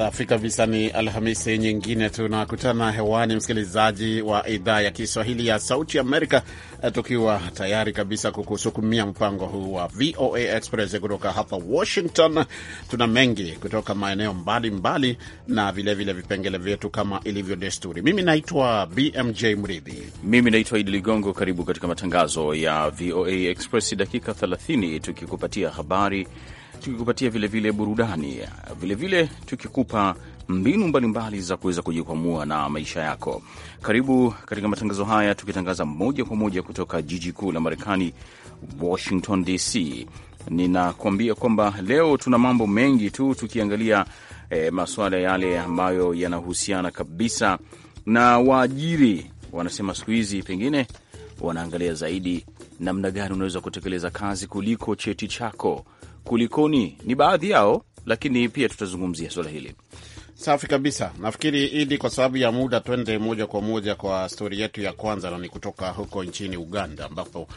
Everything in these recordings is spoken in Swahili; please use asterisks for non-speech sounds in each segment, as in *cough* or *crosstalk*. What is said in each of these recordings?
Safi kabisa. Ni Alhamisi nyingine tunakutana hewani, msikilizaji wa idhaa ya Kiswahili ya Sauti Amerika, eh, tukiwa tayari kabisa kukusukumia mpango huu wa VOA Express kutoka hapa Washington. Tuna mengi kutoka maeneo mbalimbali mbali, na vilevile vile vipengele vyetu kama ilivyo desturi. Mimi naitwa BMJ Mridhi, mimi naitwa Idi Ligongo. Karibu katika matangazo ya VOA Express, dakika 30 tukikupatia habari tukikupatia vilevile burudani, vilevile tukikupa mbinu mbalimbali za kuweza kujikwamua na maisha yako. Karibu katika matangazo haya, tukitangaza moja kwa moja kutoka jiji kuu la Marekani, Washington DC. Ninakuambia kwamba leo tuna mambo mengi tu, tukiangalia eh, masuala yale ambayo yanahusiana kabisa na waajiri. Wanasema siku hizi pengine wanaangalia zaidi namna gani unaweza kutekeleza kazi kuliko cheti chako kulikoni, ni baadhi yao, lakini pia tutazungumzia suala hili. Safi kabisa. Nafikiri Idi, kwa sababu ya muda, twende moja kwa moja kwa stori yetu ya kwanza, na ni kutoka huko nchini Uganda ambapo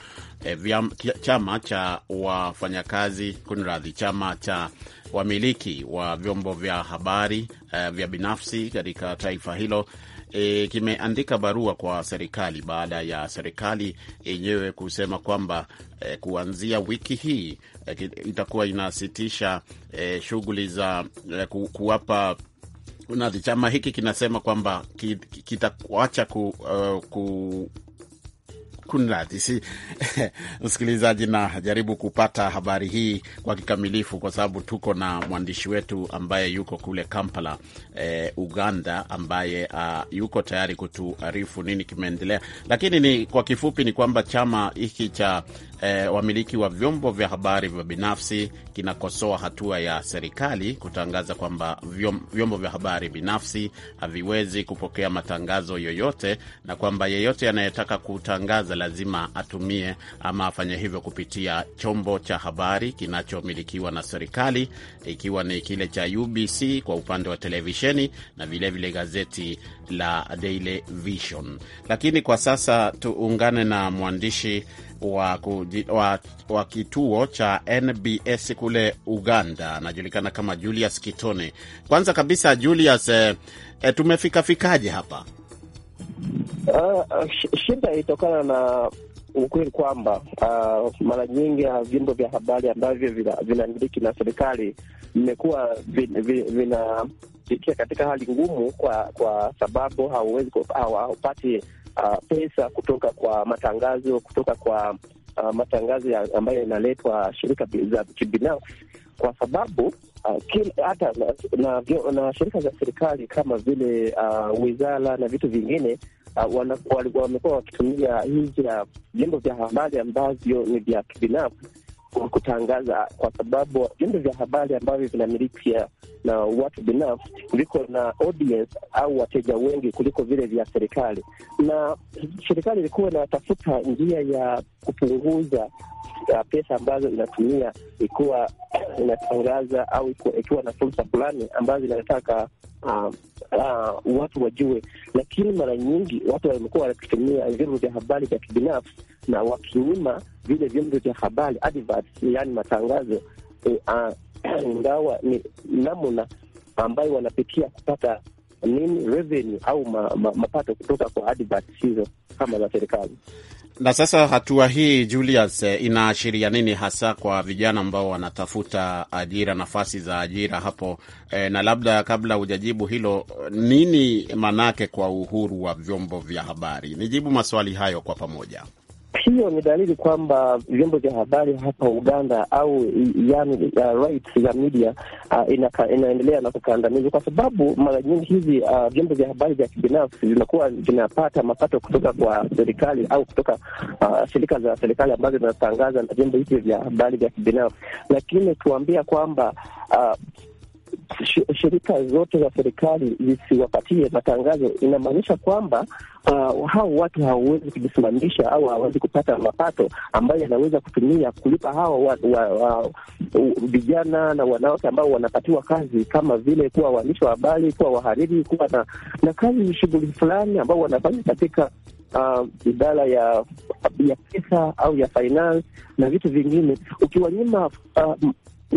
eh, chama cha wafanyakazi kunradhi, chama cha wamiliki wa vyombo vya habari eh, vya binafsi katika taifa hilo e, kimeandika barua kwa serikali baada ya serikali yenyewe kusema kwamba e, kuanzia wiki hii e, itakuwa inasitisha e, shughuli za e, ku, kuwapa na chama hiki kinasema kwamba kitakuacha ku, uh, ku kunradhi, si *laughs* msikilizaji, najaribu kupata habari hii kwa kikamilifu, kwa sababu tuko na mwandishi wetu ambaye yuko kule Kampala eh, Uganda, ambaye uh, yuko tayari kutuarifu nini kimeendelea, lakini ni kwa kifupi ni kwamba chama hiki cha eh, wamiliki wa vyombo vya habari vya binafsi kinakosoa hatua ya serikali kutangaza kwamba vyombo vya habari binafsi haviwezi kupokea matangazo yoyote na kwamba yeyote anayetaka kutangaza lazima atumie ama afanye hivyo kupitia chombo cha habari kinachomilikiwa na serikali, ikiwa ni kile cha UBC kwa upande wa televisheni na vilevile vile gazeti la Daily Vision. Lakini kwa sasa tuungane na mwandishi wa, wa, wa kituo cha NBS kule Uganda, anajulikana kama Julius Kitone. Kwanza kabisa Julius, eh, eh, tumefikafikaje hapa? Uh, shida ilitokana na ukweli kwamba uh, mara nyingi ya vyombo vya habari ambavyo vinamiliki na serikali vimekuwa vin, vinapitia katika hali ngumu, kwa kwa sababu hauwezi haupati uh, pesa kutoka kwa matangazo kutoka kwa uh, matangazo ya ambayo yanaletwa shirika za kibinafsi kwa sababu Uh, hata na, na, na, na shirika za serikali kama vile uh, wizara na vitu vingine Uh, wamekuwa wakitumia hizi uh, vyombo vya habari ambavyo ni vya kibinafsi kutangaza, kwa sababu vyombo vya habari ambavyo vinamilikia na watu binafsi viko na audience au wateja wengi kuliko vile vya serikali, na serikali ilikuwa inatafuta njia ya kupunguza uh, pesa ambazo inatumia ikiwa *clears throat* inatangaza au ikiwa na fursa fulani ambazo inataka uh, uh, watu wajue, lakini mara nyingi watu wamekuwa wakitumia vyombo vya habari vya kibinafsi na wakiuma vile vyombo vya habari adverts, yani matangazo e, a, *clears throat* ingawa ni namna ambayo wanapitia kupata nini revenue au ma, ma, mapato kutoka kwa adverts hizo kama za serikali. Na sasa hatua hii Julius, eh, inaashiria nini hasa kwa vijana ambao wanatafuta ajira, nafasi za ajira hapo e? Na labda kabla hujajibu hilo, nini manake kwa uhuru wa vyombo vya habari? Nijibu maswali hayo kwa pamoja hiyo ni dalili kwamba vyombo vya habari hapa Uganda au yani, uh, rights ya media uh, inaka, inaendelea na kukandamizwa, kwa sababu mara nyingi hizi uh, vyombo vya habari vya kibinafsi vinakuwa vinapata mapato kutoka kwa serikali au kutoka uh, shirika za serikali ambazo zinatangaza vyombo hivi vya habari vya kibinafsi, lakini tuambia kwamba uh, shirika zote za serikali zisiwapatie matangazo, inamaanisha kwamba uh, hao watu hawawezi kujisimamisha au hawawezi kupata mapato ambayo yanaweza kutumia kulipa hawa wa, wa, wa, vijana na wanawake ambao wanapatiwa kazi kama vile kuwa waandishi wa habari, kuwa wahariri, kuwa na, na kazi shughuli fulani ambao wanafanya katika uh, idara ya ya pesa au ya finance na vitu vingine. Ukiwanyima uh,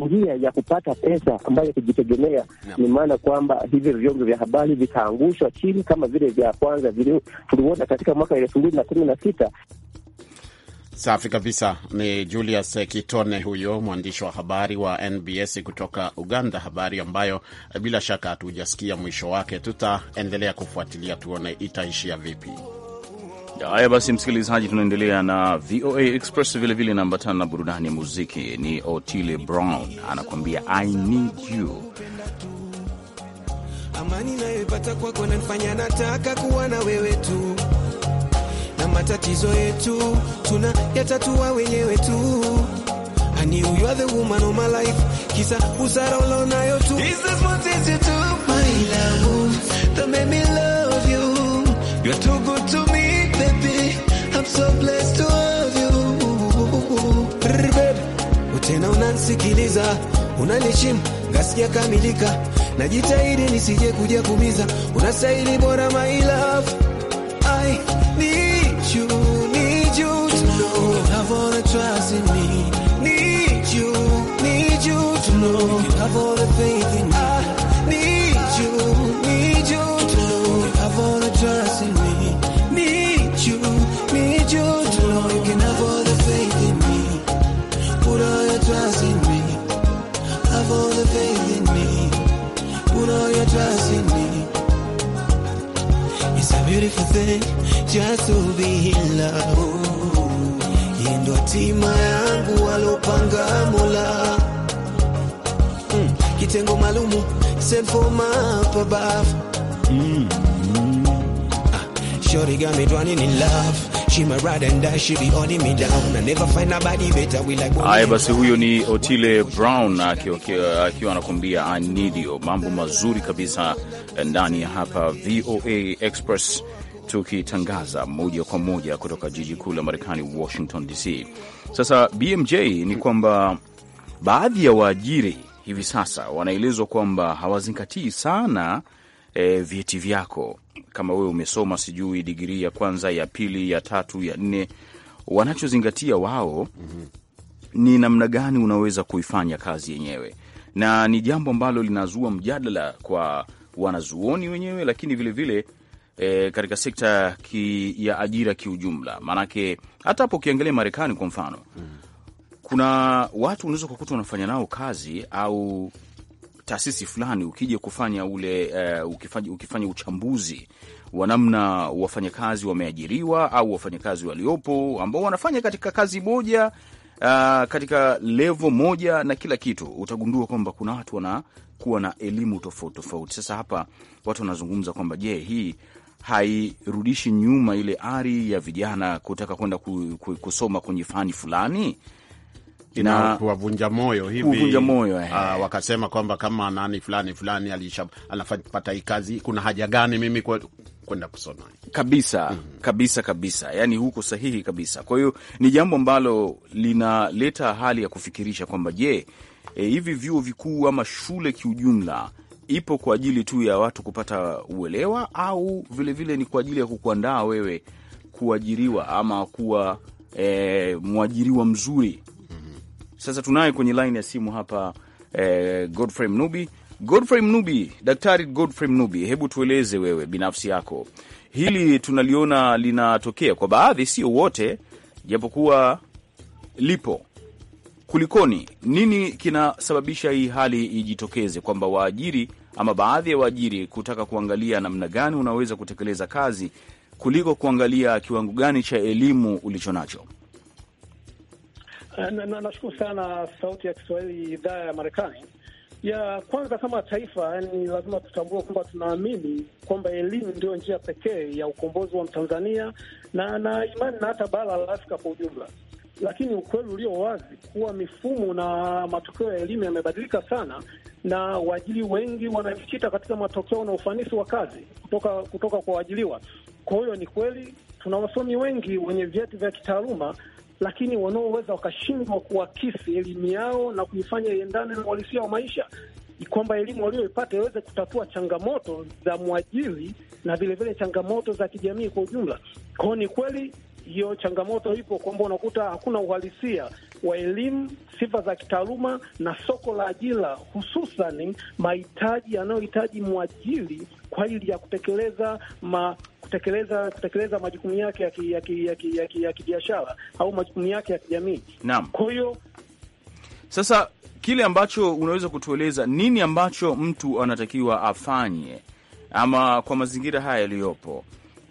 njia ya kupata pesa ambayo kujitegemea no. Ni maana kwamba hivi vyombo vya habari vikaangushwa chini kama vile vya kwanza tuliona katika mwaka elfu mbili na kumi na sita. Safi kabisa. Ni Julius Kitone huyo mwandishi wa habari wa NBS kutoka Uganda, habari ambayo bila shaka hatujasikia mwisho wake. Tutaendelea kufuatilia tuone itaishia vipi. Haya basi, msikilizaji, tunaendelea na VOA Express vilevile inaambatana na burudani ya muziki. Ni Otile Brown anakuambia I need you. Amani nayoipata kwako nanifanya nataka kuwa na wewe tu, na matatizo yetu tuna yatatua wenyewe tu. Ani you are the woman of my life, kisa usara ulionayo tu. This is what is my love, me love you. You're too good to me so Utena unansikiliza unanishim gasikia kamilika, najitahidi nisije kuja kumiza, unastahili bora my love I need you, need you to know you have all the trust in me, need you, need you to know you have all the faith Ah, shorty got me drowning in love Haya basi, huyo ni Otile Brown akiwa anakuambia anidio. Mambo mazuri kabisa eh, ndani ya hapa VOA Express, tukitangaza moja kwa moja kutoka jiji kuu la Marekani, Washington DC. Sasa BMJ ni kwamba baadhi ya waajiri hivi sasa wanaelezwa kwamba hawazingatii sana e, vyeti vyako kama wewe umesoma sijui digrii ya kwanza ya pili ya tatu ya nne. Wanachozingatia wao ni namna gani unaweza kuifanya kazi yenyewe, na ni jambo ambalo linazua mjadala kwa wanazuoni wenyewe, lakini vilevile vile, e, katika sekta ki, ya ajira kiujumla, maanake hata hapo ukiangalia Marekani kwa mfano mm -hmm kuna watu unaweza kukuta unafanya nao kazi au taasisi fulani, ukija kufanya ule uh, ukifanya, ukifanya uchambuzi wa namna wafanyakazi wameajiriwa au wafanyakazi waliopo ambao wanafanya katika kazi moja Uh, katika levo moja na kila kitu, utagundua kwamba kuna watu wanakuwa na elimu tofauti tofauti. Sasa hapa watu wanazungumza kwamba je, hii hairudishi nyuma ile ari ya vijana kutaka kwenda kusoma kwenye fani fulani? na kuwavunja moyo hivi kuvunja moyo, ah, eh. Uh, wakasema kwamba kama nani fulani fulani alisha anapata hii kazi, kuna haja gani mimi kwa kwenda kusoma kabisa? mm -hmm. Kabisa kabisa, yani huko sahihi kabisa. Kwa hiyo ni jambo ambalo linaleta hali ya kufikirisha kwamba je, e, hivi vyuo vikuu ama shule kiujumla ipo kwa ajili tu ya watu kupata uelewa au vilevile vile ni kwa ajili ya kukuandaa wewe kuajiriwa ama kuwa e, mwajiriwa mzuri sasa tunaye kwenye laini ya simu hapa eh, Godfrey Mnubi. Godfrey Mnubi, Daktari Godfrey Mnubi, hebu tueleze wewe binafsi yako hili tunaliona linatokea kwa baadhi, sio wote, japokuwa lipo. Kulikoni? Nini kinasababisha hii hali ijitokeze, kwamba waajiri ama baadhi ya waajiri kutaka kuangalia namna gani unaweza kutekeleza kazi kuliko kuangalia kiwango gani cha elimu ulicho nacho? Nashukuru eh, na, na sana Sauti ya Kiswahili idhaa ya Marekani. Ya kwanza kama taifa, yani lazima tutambue kwamba tunaamini kwamba elimu ndio njia pekee ya ukombozi wa Mtanzania na na imani na hata bara la Afrika kwa ujumla. Lakini ukweli ulio wazi kuwa mifumo na matokeo ya elimu yamebadilika sana, na waajili wengi wanajikita katika matokeo na ufanisi wa kazi kutoka kutoka kwa waajiliwa Kwa hiyo ni kweli tuna wasomi wengi wenye vyeti vya kitaaluma lakini wanaoweza wakashindwa kuakisi elimu yao na kuifanya iendane na uhalisia wa maisha, kwamba elimu walioipata iweze kutatua changamoto za mwajiri na vilevile changamoto za kijamii kwa ujumla. Kwao ni kweli hiyo changamoto ipo, kwamba unakuta hakuna uhalisia wa elimu, sifa za kitaaluma na soko la ajira, hususan mahitaji yanayohitaji mwajiri kwa ajili ya kutekeleza ma kutekeleza kutekeleza majukumu yake ya kibiashara au majukumu yake ya kijamii. Naam, kwa hiyo sasa kile ambacho unaweza kutueleza nini ambacho mtu anatakiwa afanye, ama kwa mazingira haya yaliyopo,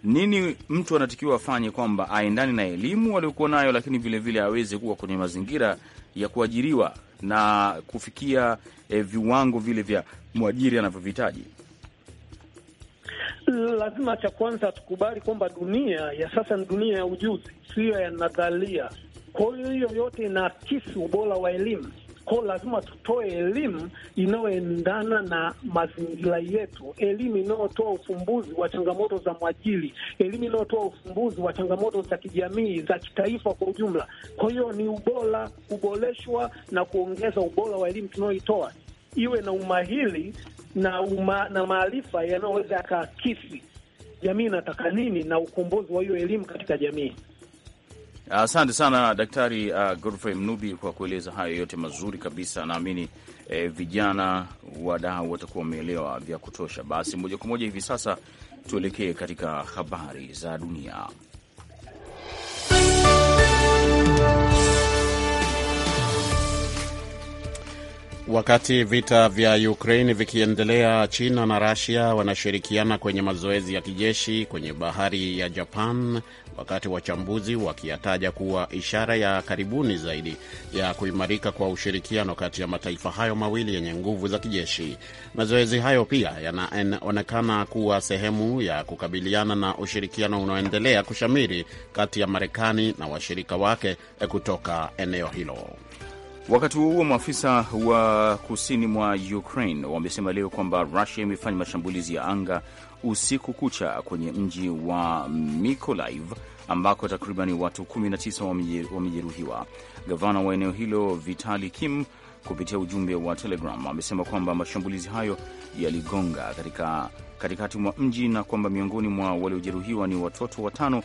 nini mtu anatakiwa afanye kwamba aendane na elimu aliyokuwa nayo, lakini vilevile aweze kuwa kwenye mazingira ya kuajiriwa na kufikia eh, viwango vile vya mwajiri anavyovihitaji? lazima cha kwanza tukubali kwamba dunia ya sasa ni dunia ya ujuzi, siyo ya nadharia. Kwa hiyo hiyo yote inaakisi ubora wa elimu. Kwa lazima tutoe elimu inayoendana na mazingira yetu, elimu inayotoa ufumbuzi wa changamoto za mwajili elimu inayotoa ufumbuzi wa changamoto za kijamii, za kitaifa kwa ujumla. Kwa hiyo ni ubora, kuboreshwa na kuongeza ubora wa elimu tunayoitoa iwe na umahili na uma, na maarifa yanayoweza yakaakisi jamii inataka nini na ukombozi wa hiyo elimu katika jamii. Asante uh, sana Daktari uh, Godfrey Mnubi kwa kueleza hayo yote mazuri kabisa. Naamini eh, vijana wadau watakuwa wameelewa vya kutosha. Basi moja kwa moja hivi sasa tuelekee katika habari za dunia. Wakati vita vya Ukraine vikiendelea, China na Russia wanashirikiana kwenye mazoezi ya kijeshi kwenye bahari ya Japan, wakati wachambuzi wakiyataja kuwa ishara ya karibuni zaidi ya kuimarika kwa ushirikiano kati ya mataifa hayo mawili yenye nguvu za kijeshi. Mazoezi hayo pia yanaonekana kuwa sehemu ya kukabiliana na ushirikiano unaoendelea kushamiri kati ya Marekani na washirika wake eh, kutoka eneo hilo. Wakati huo huo, maafisa wa kusini mwa Ukraine wamesema leo kwamba Rusia imefanya mashambulizi ya anga usiku kucha kwenye mji wa Mikolaiv ambako takriban watu 19 wamejeruhiwa. Gavana wa eneo hilo Vitali Kim kupitia ujumbe wa Telegram amesema kwamba mashambulizi hayo yaligonga katika katikati mwa mji na kwamba miongoni mwa waliojeruhiwa ni watoto watano,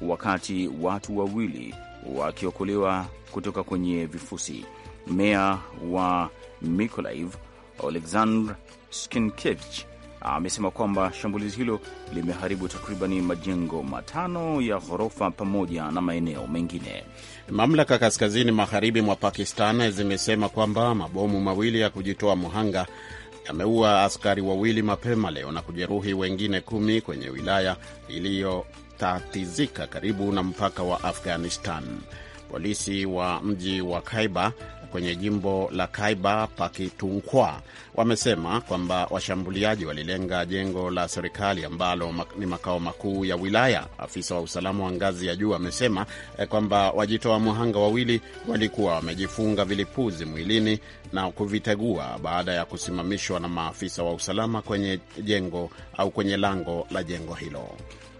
wakati watu wawili wakiokolewa kutoka kwenye vifusi meya wa mikolaiv Oleksandr Skinkevich amesema kwamba shambulizi hilo limeharibu takribani majengo matano ya ghorofa pamoja na maeneo mengine. Mamlaka kaskazini magharibi mwa Pakistan zimesema kwamba mabomu mawili ya kujitoa mhanga yameua askari wawili mapema leo na kujeruhi wengine kumi kwenye wilaya iliyotatizika karibu na mpaka wa Afghanistan. Polisi wa mji wa Kaiba kwenye jimbo la Kaiba Pakitunkwa wamesema kwamba washambuliaji walilenga jengo la serikali ambalo ni makao makuu ya wilaya. Afisa wa usalama wa ngazi ya juu amesema eh, kwamba wajitoa muhanga wawili walikuwa wamejifunga vilipuzi mwilini na kuvitegua baada ya kusimamishwa na maafisa wa usalama kwenye jengo au kwenye lango la jengo hilo.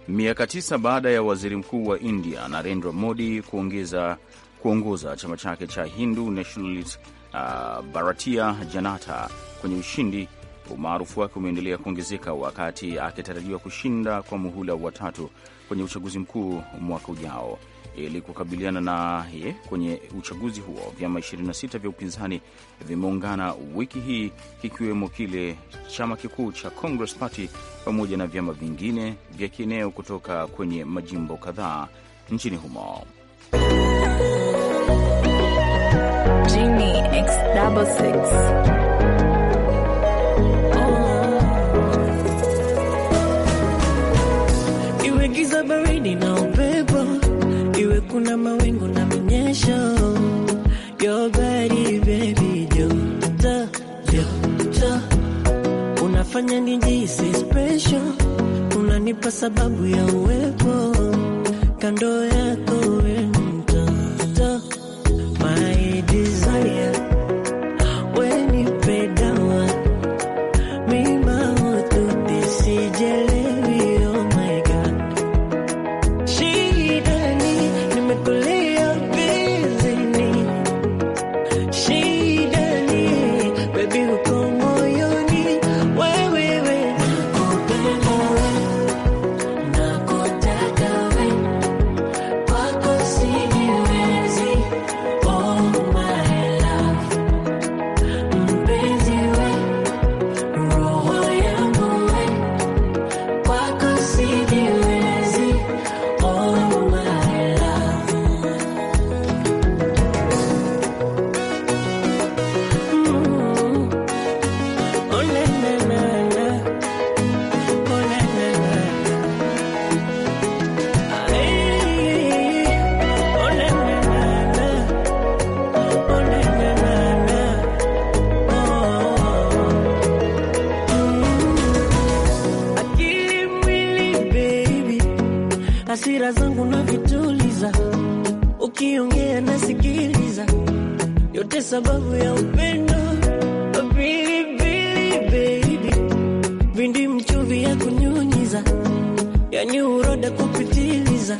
Miaka tisa baada ya waziri mkuu wa India Narendra Modi kuongeza kuongoza chama chake cha Hindu Nationalist uh, Bharatiya Janata kwenye ushindi. Umaarufu wake umeendelea kuongezeka wakati akitarajiwa kushinda kwa muhula wa tatu kwenye uchaguzi mkuu mwaka ujao. Ili kukabiliana naye kwenye uchaguzi huo, vyama 26 vya upinzani vimeungana wiki hii, kikiwemo kile chama kikuu cha Congress Party pamoja na vyama vingine vya kieneo kutoka kwenye majimbo kadhaa nchini humo. Jimmy oh. Giza baridi na upepo, iwe kuna mawingu na minyesho. Yo unafanya nijisi special, unanipa sababu ya uwepo kando yako wewe yangu ya upendo bilibili baby, bindi mchuvi ya kunyunyiza, yani uroda kupitiliza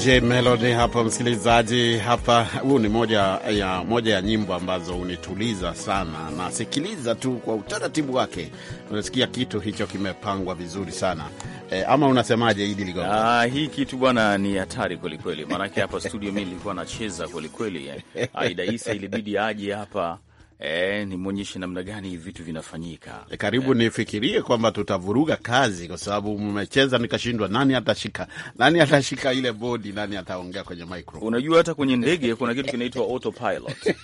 J Melody hapo, msikilizaji. Hapa huu ni moja ya, moja ya nyimbo ambazo unituliza sana, nasikiliza tu kwa utaratibu wake, unasikia kitu hicho kimepangwa vizuri sana e, ama unasemaje Idi Ligongo? Ah, hii kitu bwana ni hatari kwelikweli, maanake hapa studio mi nilikuwa nacheza kwelikweli. *laughs* Aida Isa ilibidi aje hapa e, ni mwonyeshe namna gani hivi vitu vinafanyika. E, karibu e, nifikirie kwamba tutavuruga kazi kwa sababu mmecheza nikashindwa, nani atashika nani atashika ile bodi, nani ataongea kwenye microphone. Unajua hata kwenye ndege kuna kitu kinaitwa autopilot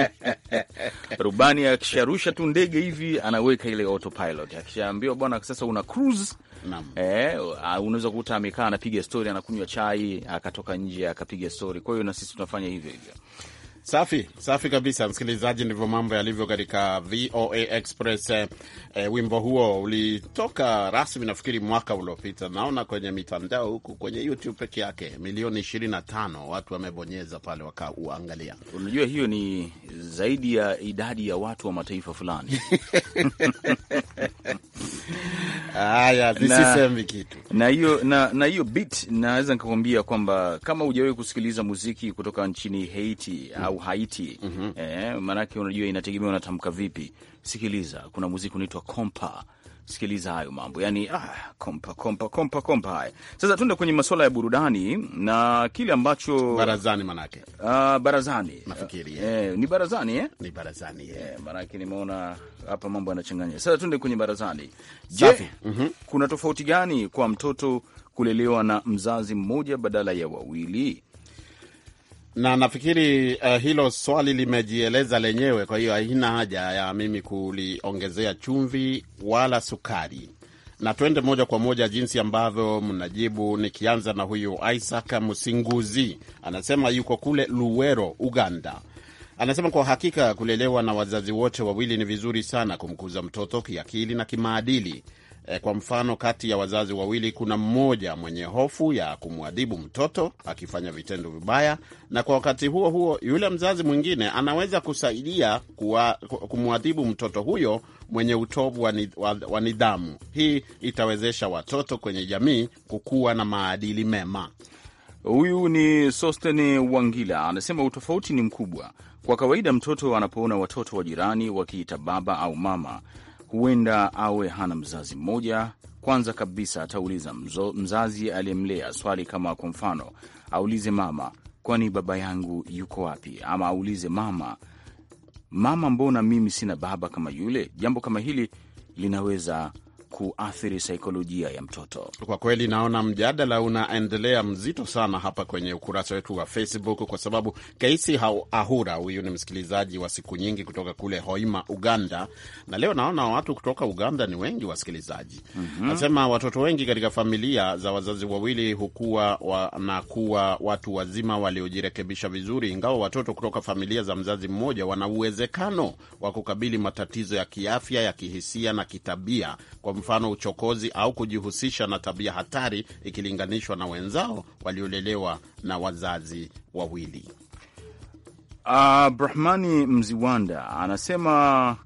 *laughs* rubani akisharusha tu ndege hivi anaweka ile autopilot, akishaambiwa bwana, sasa una cruise eh, unaweza kukuta amekaa anapiga stori, anakunywa chai, akatoka nje akapiga stori. Kwa hiyo na sisi tunafanya hivyo hivyo. Safi safi kabisa, msikilizaji, ndivyo mambo yalivyo katika VOA Express. Eh, eh, wimbo huo ulitoka rasmi nafikiri mwaka uliopita, naona kwenye mitandao huku kwenye YouTube peke yake milioni 25 watu wamebonyeza pale wakauangalia. Unajua hiyo ni zaidi ya idadi ya watu wa mataifa fulani. *laughs* Haya, sisemi kitu na hiyo na, na hiyo beat naweza nikakwambia kwamba kama hujawahi kusikiliza muziki kutoka nchini Haiti mm -hmm au Haiti mm -hmm. Eh, maanake unajua inategemea unatamka vipi. Sikiliza, kuna muziki unaitwa kompa. Sikiliza hayo mambo yani, ah, kompa kompa kompa kompa. Haya sasa, tuende kwenye masuala ya burudani na kile ambacho barazani, manake uh, barazani nafikiri eh. eh, ni barazani eh? ni barazani eh. Eh, manake nimeona hapa mambo yanachanganya. Sasa tuende kwenye barazani. Je, mm -hmm. kuna tofauti gani kwa mtoto kulelewa na mzazi mmoja badala ya wawili? na nafikiri uh, hilo swali limejieleza lenyewe, kwa hiyo haina haja ya mimi kuliongezea chumvi wala sukari, na tuende moja kwa moja jinsi ambavyo mnajibu, nikianza na huyu Isaac Musinguzi. Anasema yuko kule Luwero, Uganda. Anasema kwa hakika kulelewa na wazazi wote wawili ni vizuri sana kumkuza mtoto kiakili na kimaadili E, kwa mfano kati ya wazazi wawili kuna mmoja mwenye hofu ya kumwadhibu mtoto akifanya vitendo vibaya, na kwa wakati huo huo yule mzazi mwingine anaweza kusaidia kumwadhibu mtoto huyo mwenye utovu wa nidhamu. Hii itawezesha watoto kwenye jamii kukuwa na maadili mema. Huyu ni Sostene Wangila, anasema utofauti ni mkubwa. Kwa kawaida mtoto anapoona watoto wa jirani wakiita baba au mama huenda awe hana mzazi mmoja. Kwanza kabisa atauliza mzo, mzazi aliyemlea swali kama kwa mfano aulize mama, kwani baba yangu yuko wapi? Ama aulize mama, mama, mbona mimi sina baba kama yule? Jambo kama hili linaweza kuathiri saikolojia ya mtoto. Kwa kweli, naona mjadala unaendelea mzito sana hapa kwenye ukurasa wetu wa Facebook, kwa sababu Kaisi Ahura, huyu ni msikilizaji wa siku nyingi kutoka kule Hoima, Uganda, na leo naona watu kutoka Uganda ni wengi wasikilizaji. mm -hmm. watoto wengi katika familia za wazazi wawili hukuwa wanakuwa watu wazima waliojirekebisha vizuri, ingawa watoto kutoka familia za mzazi mmoja wana uwezekano wa kukabili matatizo ya kiafya, ya kihisia na kitabia kwa mfano uchokozi au kujihusisha na tabia hatari ikilinganishwa na wenzao waliolelewa na wazazi wawili. Brahmani Mziwanda anasema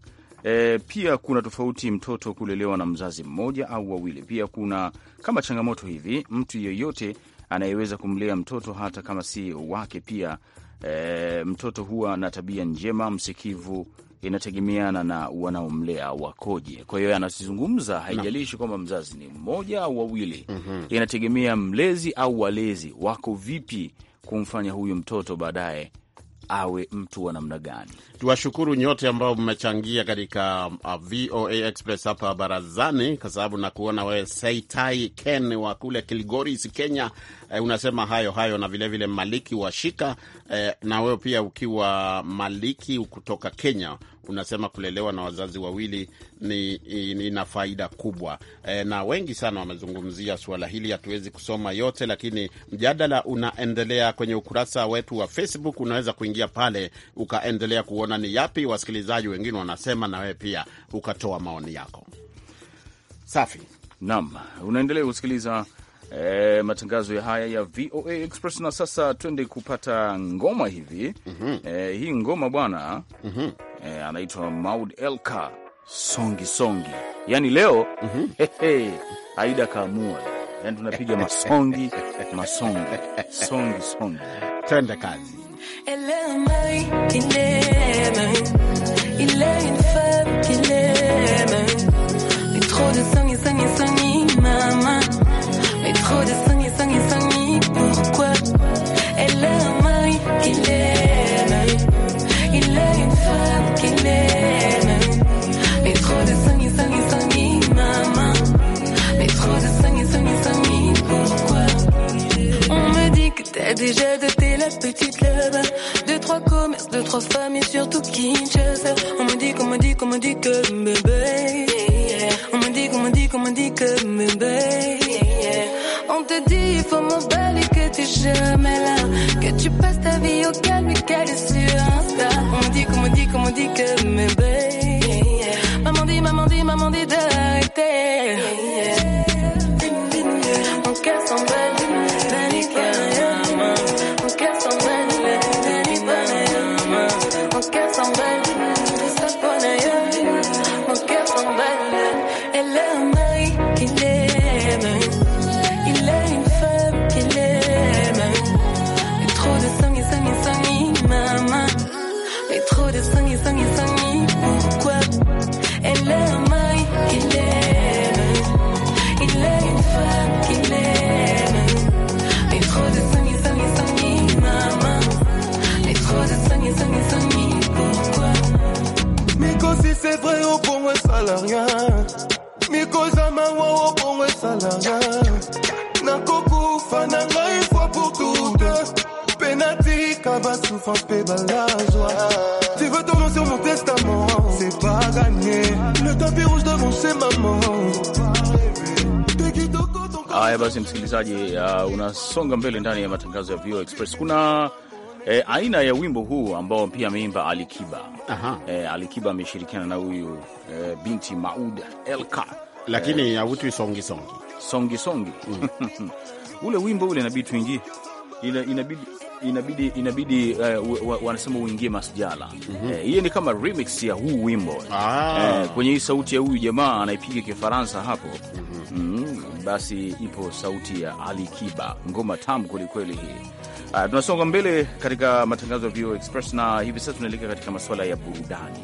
e, pia kuna tofauti mtoto kulelewa na mzazi mmoja au wawili. Pia kuna kama changamoto hivi, mtu yeyote anayeweza kumlea mtoto hata kama si wake. Pia e, mtoto huwa na tabia njema, msikivu inategemeana na wanaomlea wakoje. Kwa hiyo anazungumza, haijalishi kwamba mzazi ni mmoja au wawili, mm -hmm. inategemea mlezi au walezi wako vipi kumfanya huyu mtoto baadaye awe mtu wa namna gani. Tuwashukuru nyote ambao mmechangia katika uh, VOA Express hapa barazani, kwa sababu na kuona wewe Saitai Ken wa kule Kilgoris, Kenya, eh, unasema hayo hayo na vilevile vile Maliki wa Shika eh, na wewe pia ukiwa Maliki kutoka Kenya unasema kulelewa na wazazi wawili ni ina faida kubwa e, na wengi sana wamezungumzia suala hili. Hatuwezi kusoma yote, lakini mjadala unaendelea kwenye ukurasa wetu wa Facebook. Unaweza kuingia pale ukaendelea kuona ni yapi wasikilizaji wengine wanasema, na wewe pia ukatoa maoni yako. Safi, naam, unaendelea kusikiliza E, matangazo haya ya VOA Express. Na sasa twende kupata ngoma hivi. mm -hmm. E, hii ngoma bwana mm -hmm. E, anaitwa Maud Elka songi songi, yaani leo mm -hmm. *laughs* Aida kaamua, yaani tunapiga masongi *laughs* masongi songi songi, twende kazi déjà t'es la petite lève Deux, trois commerces, de trois femmes et surtout Kinshasa. On me dit, qu'on me dit, qu'on me dit que bébé. On me dit, qu'on me dit, qu'on me dit que bébé. On te dit, il faut m'emballer que tu jamais là. Que tu passes ta vie au calme et qu'elle est sûre. fin, paix, ben la joie. Tu veux ton nom sur mon testament, c'est pas gagné. Le tapis rouge devant chez maman. Haya basi, msikilizaji, uh, unasonga mbele ndani ya matangazo ya VOA Express. Kuna E, aina ya wimbo huu ambao pia ameimba Alikiba. Aha. E, eh, Alikiba ameshirikiana na huyu e, binti Maud Elka, lakini e, hautui songi songi songi songi mm. *laughs* ule wimbo ule inabidi tuingie, inabidi inabidi inabidi uh, wanasema uingie masjala mm -hmm. E, eh, ni kama remix ya huu wimbo ah. E, kwenye hii sauti ya huyu jamaa anaipiga Kifaransa hapo mhm. mm -hmm. Mm -hmm. Basi ipo sauti ya Ali Kiba, ngoma tamu kwelikweli hii. Uh, tunasonga mbele katika matangazo ya VOA Express na hivi sasa tunaelekea katika masuala ya burudani.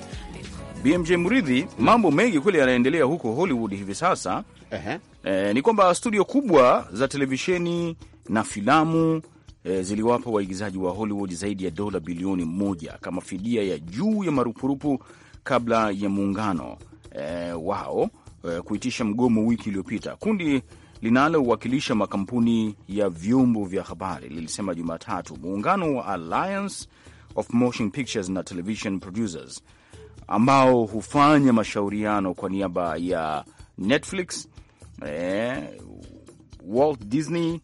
BMJ Mridhi, mm. mambo mengi kweli yanaendelea huko Hollywood hivi sasa uh -huh. E, ni kwamba studio kubwa za televisheni na filamu e, ziliwapa waigizaji wa Hollywood zaidi ya dola bilioni moja kama fidia ya juu ya marupurupu kabla ya muungano e, wao e, kuitisha mgomo wiki iliyopita. Kundi linalowakilisha makampuni ya vyombo vya habari lilisema Jumatatu muungano wa Alliance of Motion Pictures na Television Producers ambao hufanya mashauriano kwa niaba ya Netflix, eh, Walt Disney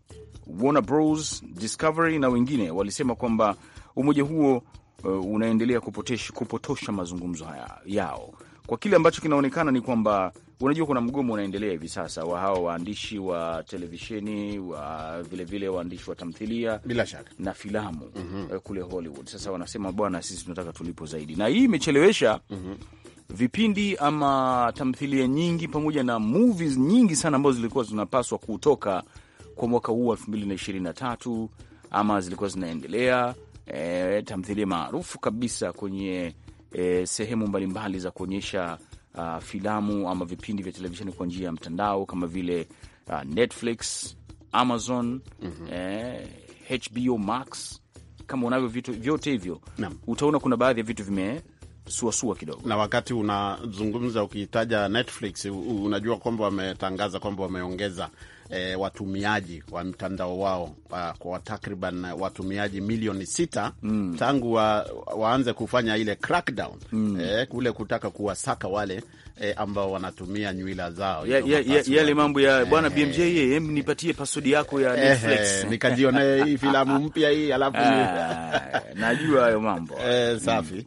Warner Bros, Discovery na wengine walisema kwamba umoja huo uh, unaendelea kupotosha, kupotosha mazungumzo haya yao kwa kile ambacho kinaonekana ni kwamba unajua, kuna mgomo unaendelea hivi sasa wa hawa waandishi wa televisheni wa vilevile waandishi wa tamthilia bila shaka na filamu mm -hmm. kule Hollywood. Sasa wanasema bwana, sisi tunataka tulipo zaidi, na hii imechelewesha mm -hmm. vipindi ama tamthilia nyingi pamoja na movies nyingi sana ambazo zilikuwa zinapaswa kutoka kwa mwaka huu wa tatu ama zilikuwa zinaendelea e, tamthilia maarufu kabisa kwenye e, sehemu mbalimbali za kuonyesha uh, filamu ama vipindi vya televisheni kwa njia ya mtandao kama vile uh, Netflix, Amazon mm -hmm. eh, HBO Max kama unavyo vitu vyote hivyo utaona kuna baadhi ya vitu vime suasua kidogo. Na wakati unazungumza ukitaja Netflix, unajua kwamba wametangaza kwamba wameongeza e, watumiaji wa mtandao wao wa, ah, kwa takriban watumiaji milioni sita mm. tangu wa, waanze kufanya ile crackdown mm. e, kule kutaka kuwasaka wale E, ambao wanatumia nywila zao yale ya, ya, ya mambo ya bwana BMJ ye, nipatie pasodi yako ya Netflix hii filamu mpya hii alafu *laughs* ah, najua hayo mambo *laughs* e, safi mm.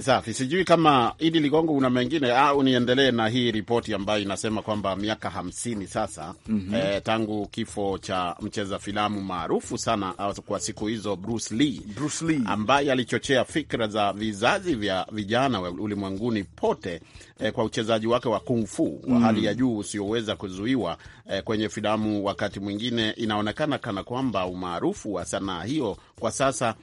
Safi, sijui kama Idi Ligongo una mengine au niendelee na hii ripoti ambayo inasema kwamba miaka hamsini sasa mm -hmm. eh, tangu kifo cha mcheza filamu maarufu sana kwa siku hizo Bruce Lee, Bruce Lee ambaye alichochea fikra za vizazi vya vijana ulimwenguni pote eh, kwa uchezaji wake wa kungfu wa mm -hmm. hali ya juu usioweza kuzuiwa eh, kwenye filamu. Wakati mwingine inaonekana kana kwamba umaarufu wa sanaa hiyo kwa sasa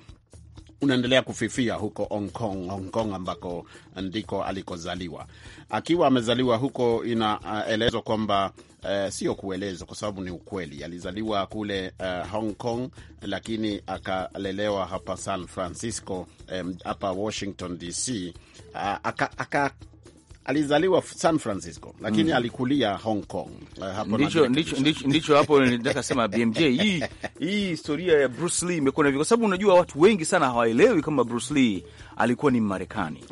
unaendelea kufifia huko Hong Kong, Hong Kong ambako ndiko alikozaliwa. Akiwa amezaliwa huko, inaelezwa kwamba Uh, sio kuelezwa kwa sababu ni ukweli. Alizaliwa kule uh, Hong Kong, lakini akalelewa hapa San Francisco, eh, hapa um, Washington DC. Uh, ah, aka, aka alizaliwa San Francisco lakini mm. alikulia Hong Kong. Eh, ndicho, hapo nataka sema BMJ, *laughs* hii hii historia ya Bruce Lee imekuwa na, kwa sababu unajua watu wengi sana hawaelewi kama Bruce Lee alikuwa ni Mmarekani,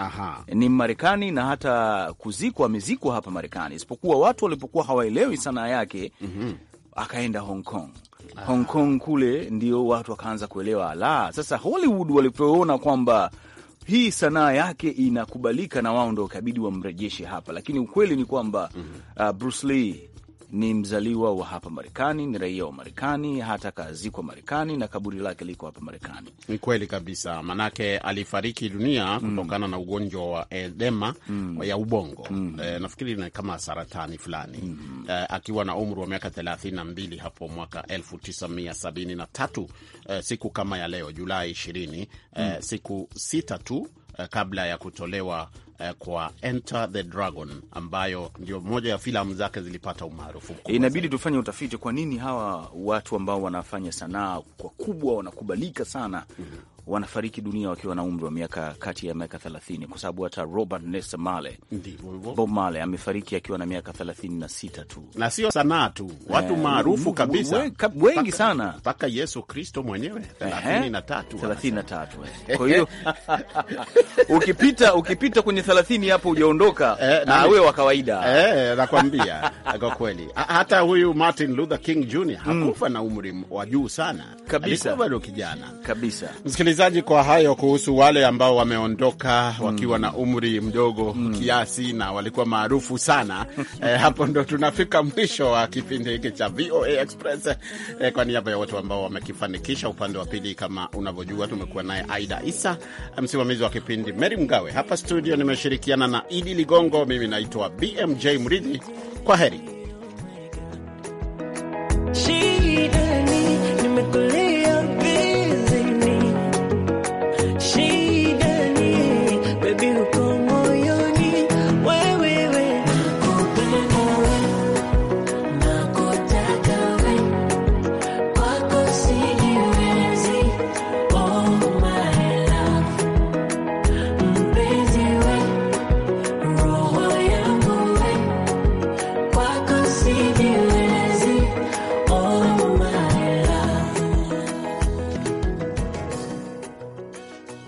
ni Mmarekani na hata kuzikwa amezikwa hapa Marekani, isipokuwa watu walipokuwa hawaelewi sana yake mm -hmm. akaenda Hong Kong. Ah. Hong Kong kule ndio watu wakaanza kuelewa. La, sasa Hollywood walipoona kwamba hii sanaa yake inakubalika na wao ndo ikabidi wamrejeshe hapa, lakini ukweli ni kwamba mm -hmm. uh, Bruce Lee ni mzaliwa wa hapa Marekani, ni raia wa Marekani, hata kazikwa Marekani na kaburi lake liko hapa Marekani. Ni kweli kabisa, manake alifariki dunia mm. kutokana mm. na ugonjwa wa edema mm. ya ubongo mm. E, nafikiri ni kama saratani fulani mm. E, akiwa na umri wa miaka thelathini na mbili hapo mwaka elfu tisa mia sabini na tatu e, siku kama ya leo Julai ishirini e, siku sita tu kabla ya kutolewa Eh, kwa Enter the Dragon ambayo ndio moja ya filamu zake zilipata umaarufu Inabidi tufanye utafiti, kwa nini hawa watu ambao wanafanya sanaa kwa kubwa wanakubalika sana mm -hmm wanafariki dunia wakiwa na umri wa miaka kati ya miaka thelathini, kwa sababu hata Robert Nesta Male Bob Male amefariki akiwa na miaka thelathini na sita tu, na sio sanaa tu, watu eh, maarufu kabisa wengi sana, mpaka Yesu Kristo mwenyewe thelathini na tatu, thelathini na tatu. Eh. Kwa hiyo *laughs* ukipita ukipita kwenye thelathini hapo ujaondoka eh, na awe wa kawaida, nakwambia kwa kweli. Hata huyu Martin Luther King Jr. Hmm. hakufa na umri wa juu sana kabisa, bado kijana kabisa msikilizaji, kwa hayo kuhusu wale ambao wameondoka wakiwa mm. na umri mdogo mm. kiasi na walikuwa maarufu sana *laughs* e, hapo ndo tunafika mwisho wa kipindi hiki cha VOA Express e, kwa niaba ya watu ambao wamekifanikisha. Upande wa pili, kama unavyojua, tumekuwa naye Aida Isa, msimamizi wa kipindi Meri Mgawe. Hapa studio nimeshirikiana na Idi Ligongo. Mimi naitwa BMJ Mridhi. Kwa heri.